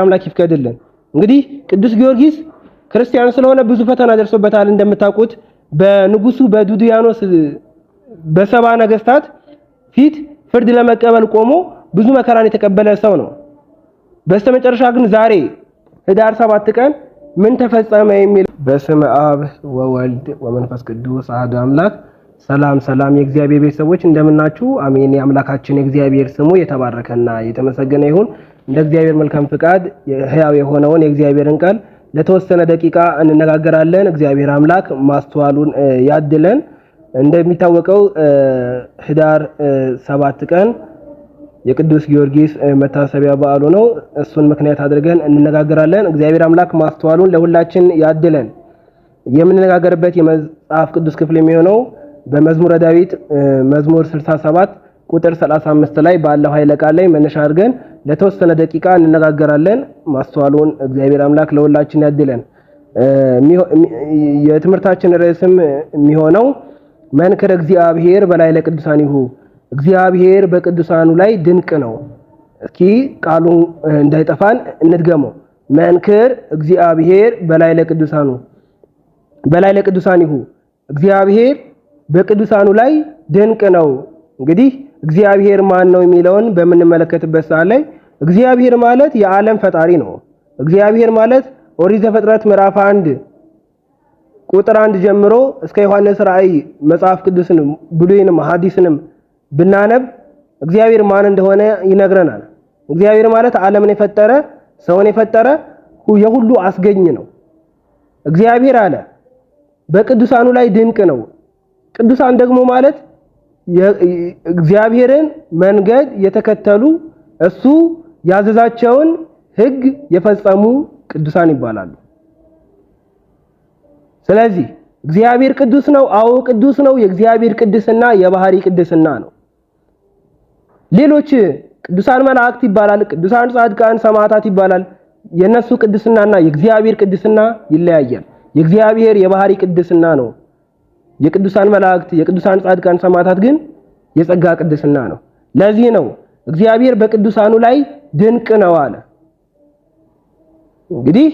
አምላክ ይፍቀድልን። እንግዲህ ቅዱስ ጊዮርጊስ ክርስቲያን ስለሆነ ብዙ ፈተና ደርሶበታል። እንደምታውቁት በንጉሱ በዱድያኖስ በሰባ ነገስታት ፊት ፍርድ ለመቀበል ቆሞ ብዙ መከራን የተቀበለ ሰው ነው። በስተመጨረሻ ግን ዛሬ ህዳር ሰባት ቀን ምን ተፈጸመ የሚል በስመ አብ ወወልድ ወመንፈስ ቅዱስ አሐዱ አምላክ። ሰላም ሰላም፣ የእግዚአብሔር ቤተሰቦች እንደምናችሁ። አሜን። የአምላካችን የእግዚአብሔር ስሙ የተባረከና የተመሰገነ ይሁን። እንደ እግዚአብሔር መልካም ፍቃድ ህያው የሆነውን የእግዚአብሔርን ቃል ለተወሰነ ደቂቃ እንነጋገራለን። እግዚአብሔር አምላክ ማስተዋሉን ያድለን። እንደሚታወቀው ህዳር ሰባት ቀን የቅዱስ ጊዮርጊስ መታሰቢያ በዓሉ ነው። እሱን ምክንያት አድርገን እንነጋገራለን። እግዚአብሔር አምላክ ማስተዋሉን ለሁላችን ያድለን። የምንነጋገርበት የመጽሐፍ ቅዱስ ክፍል የሚሆነው በመዝሙረ ዳዊት መዝሙር 67 ቁጥር 35 ላይ ባለው ኃይለ ቃል ላይ መነሻ አድርገን ለተወሰነ ደቂቃ እንነጋገራለን። ማስተዋሉን እግዚአብሔር አምላክ ለሁላችን ያድለን። የትምህርታችን ርዕስም የሚሆነው መንክር እግዚአብሔር በላይ ለቅዱሳን ይሁ እግዚአብሔር በቅዱሳኑ ላይ ድንቅ ነው። እስኪ ቃሉ እንዳይጠፋን እንድገመው መንክር እግዚአብሔር በላይ ለቅዱሳኑ በላይ ይሁ እግዚአብሔር በቅዱሳኑ ላይ ድንቅ ነው። እንግዲህ እግዚአብሔር ማን ነው የሚለውን በምንመለከትበት ሰዓት ላይ እግዚአብሔር ማለት የዓለም ፈጣሪ ነው። እግዚአብሔር ማለት ኦሪት ዘፍጥረት ምዕራፍ አንድ ቁጥር አንድ ጀምሮ እስከ ዮሐንስ ራእይ መጽሐፍ ቅዱስን ብሉይንም ሐዲስንም ብናነብ እግዚአብሔር ማን እንደሆነ ይነግረናል። እግዚአብሔር ማለት ዓለምን የፈጠረ ሰውን የፈጠረ የሁሉ አስገኝ ነው። እግዚአብሔር አለ በቅዱሳኑ ላይ ድንቅ ነው። ቅዱሳን ደግሞ ማለት እግዚአብሔርን መንገድ የተከተሉ እሱ ያዘዛቸውን ህግ የፈጸሙ ቅዱሳን ይባላሉ። ስለዚህ እግዚአብሔር ቅዱስ ነው። አዎ ቅዱስ ነው። የእግዚአብሔር ቅድስና የባህሪ ቅድስና ነው። ሌሎች ቅዱሳን መላእክት ይባላል፣ ቅዱሳን ጻድቃን፣ ሰማዕታት ይባላል። የነሱ ቅድስናና የእግዚአብሔር ቅድስና ይለያያል። የእግዚአብሔር የባህሪ ቅድስና ነው። የቅዱሳን መላእክት፣ የቅዱሳን ጻድቃን፣ ሰማዕታት ግን የጸጋ ቅድስና ነው። ለዚህ ነው እግዚአብሔር በቅዱሳኑ ላይ ድንቅ ነው አለ። እንግዲህ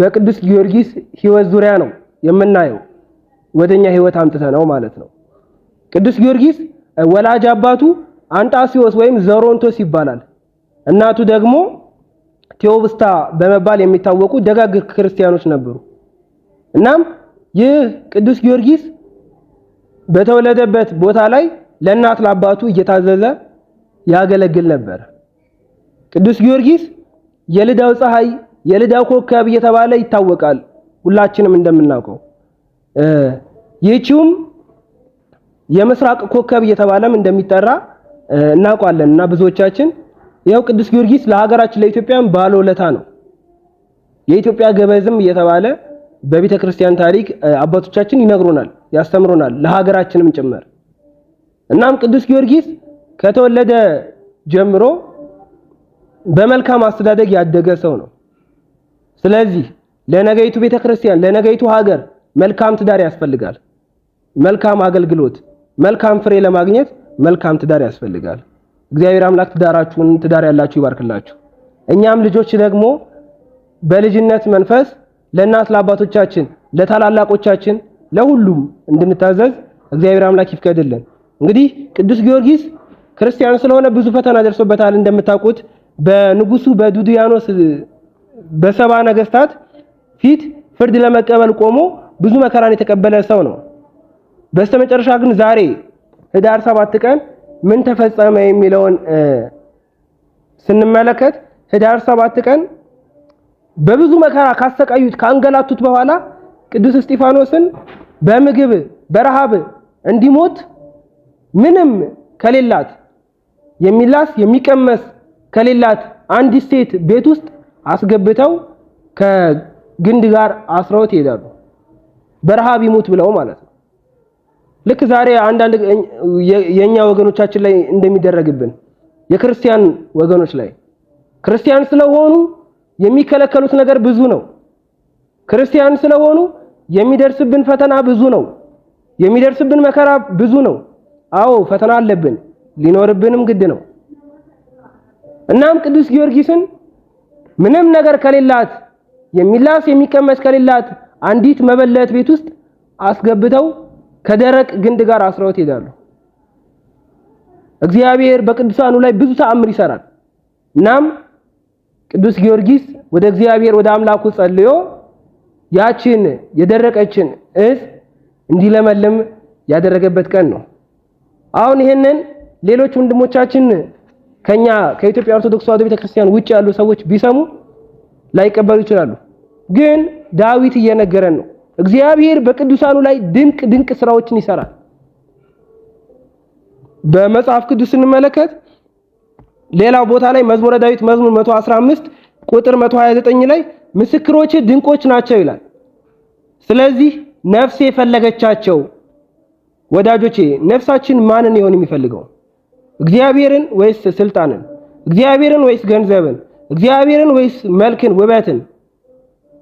በቅዱስ ጊዮርጊስ ሕይወት ዙሪያ ነው የምናየው፣ ወደኛ ሕይወት አምጥተ ነው ማለት ነው። ቅዱስ ጊዮርጊስ ወላጅ አባቱ አንጣሲዎስ ወይም ዘሮንቶስ ይባላል። እናቱ ደግሞ ቴዎብስታ በመባል የሚታወቁ ደጋግ ክርስቲያኖች ነበሩ። እናም ይህ ቅዱስ ጊዮርጊስ በተወለደበት ቦታ ላይ ለእናት ለአባቱ እየታዘዘ ያገለግል ነበር። ቅዱስ ጊዮርጊስ የልዳው ፀሐይ፣ የልዳው ኮከብ እየተባለ ይታወቃል። ሁላችንም እንደምናውቀው ይህችውም የምስራቅ ኮከብ እየተባለም እንደሚጠራ እናውቃለን እና ብዙዎቻችን ይኸው ቅዱስ ጊዮርጊስ ለሀገራችን ለኢትዮጵያም ባለውለታ ነው። የኢትዮጵያ ገበዝም እየተባለ በቤተ ክርስቲያን ታሪክ አባቶቻችን ይነግሩናል፣ ያስተምሩናል ለሀገራችንም ጭምር። እናም ቅዱስ ጊዮርጊስ ከተወለደ ጀምሮ በመልካም አስተዳደግ ያደገ ሰው ነው። ስለዚህ ለነገይቱ ቤተክርስቲያን፣ ለነገይቱ ሀገር መልካም ትዳር ያስፈልጋል። መልካም አገልግሎት፣ መልካም ፍሬ ለማግኘት መልካም ትዳር ያስፈልጋል። እግዚአብሔር አምላክ ትዳራችሁን ትዳር ያላችሁ ይባርክላችሁ። እኛም ልጆች ደግሞ በልጅነት መንፈስ ለእናት ለአባቶቻችን፣ ለታላላቆቻችን፣ ለሁሉም እንድንታዘዝ እግዚአብሔር አምላክ ይፍቀድልን። እንግዲህ ቅዱስ ጊዮርጊስ ክርስቲያን ስለሆነ ብዙ ፈተና ደርሶበታል። እንደምታውቁት በንጉሱ በዱድያኖስ በሰባ ነገስታት ፊት ፍርድ ለመቀበል ቆሞ ብዙ መከራን የተቀበለ ሰው ነው። በስተመጨረሻ ግን ዛሬ ህዳር ሰባት ቀን ምን ተፈጸመ የሚለውን ስንመለከት ህዳር ሰባት ቀን በብዙ መከራ ካሰቃዩት ካንገላቱት በኋላ ቅዱስ እስጢፋኖስን በምግብ በረሃብ እንዲሞት ምንም ከሌላት የሚላስ የሚቀመስ ከሌላት አንዲት ሴት ቤት ውስጥ አስገብተው ከግንድ ጋር አስረውት ይሄዳሉ። በረሃብ ይሞት ብለው ማለት ነው። ልክ ዛሬ አንዳንድ የኛ ወገኖቻችን ላይ እንደሚደረግብን የክርስቲያን ወገኖች ላይ ክርስቲያን ስለሆኑ የሚከለከሉት ነገር ብዙ ነው። ክርስቲያን ስለሆኑ የሚደርስብን ፈተና ብዙ ነው። የሚደርስብን መከራ ብዙ ነው። አዎ ፈተና አለብን። ሊኖርብንም ግድ ነው። እናም ቅዱስ ጊዮርጊስን ምንም ነገር ከሌላት የሚላስ የሚቀመስ ከሌላት አንዲት መበለት ቤት ውስጥ አስገብተው ከደረቅ ግንድ ጋር አስረውት ይሄዳሉ። እግዚአብሔር በቅዱሳኑ ላይ ብዙ ተአምር ይሰራል። እናም ቅዱስ ጊዮርጊስ ወደ እግዚአብሔር ወደ አምላኩ ጸልዮ ያችን የደረቀችን እጽ እንዲለመልም ያደረገበት ቀን ነው። አሁን ይህንን ሌሎች ወንድሞቻችን ከኛ ከኢትዮጵያ ኦርቶዶክስ ተዋሕዶ ቤተክርስቲያን ውጭ ያሉ ሰዎች ቢሰሙ ላይቀበሉ ይችላሉ። ግን ዳዊት እየነገረን ነው። እግዚአብሔር በቅዱሳኑ ላይ ድንቅ ድንቅ ስራዎችን ይሰራል። በመጽሐፍ ቅዱስ ስንመለከት ሌላው ቦታ ላይ መዝሙረ ዳዊት መዝሙር 115 ቁጥር 129 ላይ ምስክሮች ድንቆች ናቸው ይላል። ስለዚህ ነፍሴ ፈለገቻቸው። ወዳጆቼ ነፍሳችን ማንን ይሆን የሚፈልገው? እግዚአብሔርን ወይስ ስልጣንን? እግዚአብሔርን ወይስ ገንዘብን? እግዚአብሔርን ወይስ መልክን፣ ውበትን?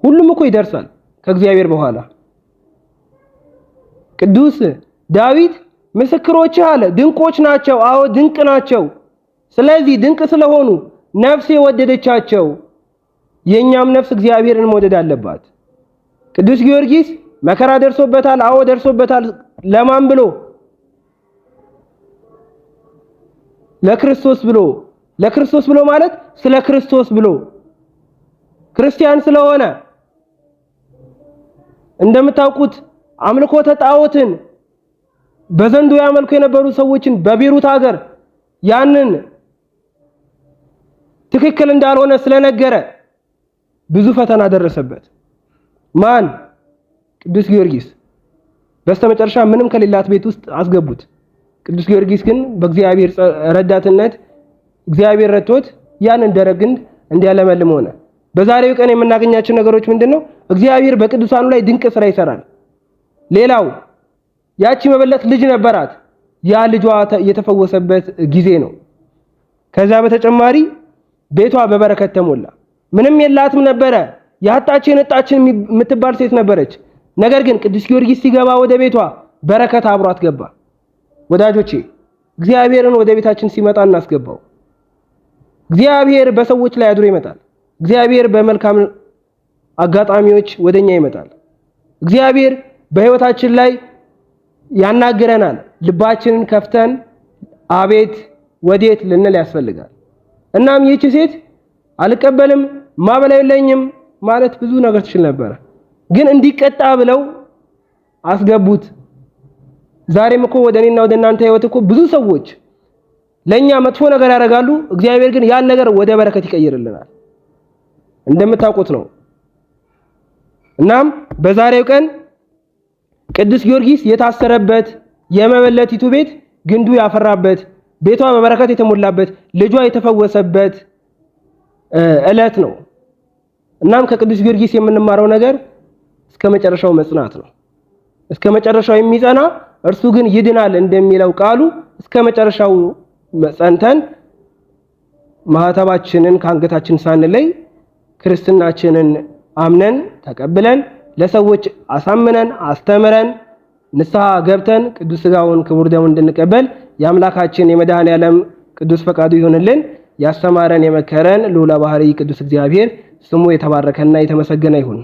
ሁሉም እኮ ይደርሳል ከእግዚአብሔር በኋላ። ቅዱስ ዳዊት ምስክሮች አለ ድንቆች ናቸው፣ አዎ ድንቅ ናቸው። ስለዚህ ድንቅ ስለሆኑ ነፍስ የወደደቻቸው የእኛም ነፍስ እግዚአብሔርን መውደድ አለባት። ቅዱስ ጊዮርጊስ መከራ ደርሶበታል፣ አዎ ደርሶበታል። ለማን ብሎ ለክርስቶስ ብሎ ለክርስቶስ ብሎ ማለት ስለ ክርስቶስ ብሎ ክርስቲያን ስለሆነ እንደምታውቁት አምልኮተ ጣዖትን በዘንዶ ያመልኩ የነበሩ ሰዎችን በቤሩት ሀገር ያንን ትክክል እንዳልሆነ ስለነገረ ብዙ ፈተና ደረሰበት። ማን? ቅዱስ ጊዮርጊስ። በስተመጨረሻ ምንም ከሌላት ቤት ውስጥ አስገቡት። ቅዱስ ጊዮርጊስ ግን በእግዚአብሔር ረዳትነት እግዚአብሔር ረድቶት ያንን ደረቅ ግንድ እንዲያለመልም ሆነ። በዛሬው ቀን የምናገኛቸው ነገሮች ምንድን ነው? እግዚአብሔር በቅዱሳኑ ላይ ድንቅ ስራ ይሰራል። ሌላው ያቺ መበለት ልጅ ነበራት። ያ ልጇ የተፈወሰበት ጊዜ ነው። ከዛ በተጨማሪ ቤቷ በበረከት ተሞላ። ምንም የላትም ነበረ። ያጣችን የነጣችን የምትባል ሴት ነበረች። ነገር ግን ቅዱስ ጊዮርጊስ ሲገባ ወደ ቤቷ በረከት አብሯት ገባ። ወዳጆቼ እግዚአብሔርን ወደ ቤታችን ሲመጣ እናስገባው። እግዚአብሔር በሰዎች ላይ አድሮ ይመጣል። እግዚአብሔር በመልካም አጋጣሚዎች ወደኛ ይመጣል። እግዚአብሔር በሕይወታችን ላይ ያናግረናል። ልባችንን ከፍተን አቤት ወዴት ልንል ያስፈልጋል። እናም ይህች ሴት አልቀበልም ማበላ የለኝም ማለት ብዙ ነገር ትችል ነበር። ግን እንዲቀጣ ብለው አስገቡት። ዛሬም እኮ ወደ እኔና ወደ እናንተ ህይወት እኮ ብዙ ሰዎች ለኛ መጥፎ ነገር ያደርጋሉ። እግዚአብሔር ግን ያን ነገር ወደ በረከት ይቀይርልናል። እንደምታውቁት ነው። እናም በዛሬው ቀን ቅዱስ ጊዮርጊስ የታሰረበት የመበለቲቱ ቤት ግንዱ ያፈራበት ቤቷ በበረከት የተሞላበት ልጇ የተፈወሰበት እለት ነው። እናም ከቅዱስ ጊዮርጊስ የምንማረው ነገር እስከ መጨረሻው መጽናት ነው። እስከ መጨረሻው የሚጸና እርሱ ግን ይድናል እንደሚለው ቃሉ እስከ መጨረሻው መጸንተን ማህተባችንን ከአንገታችን ሳንለይ ክርስትናችንን አምነን ተቀብለን ለሰዎች አሳምነን አስተምረን ንስሐ ገብተን ቅዱስ ሥጋውን ክቡር ደሙን እንድንቀበል የአምላካችን የመድኃኔ ዓለም ቅዱስ ፈቃዱ ይሁንልን። ያስተማረን የመከረን ልዑለ ባህሪ ቅዱስ እግዚአብሔር ስሙ የተባረከና የተመሰገነ ይሁን።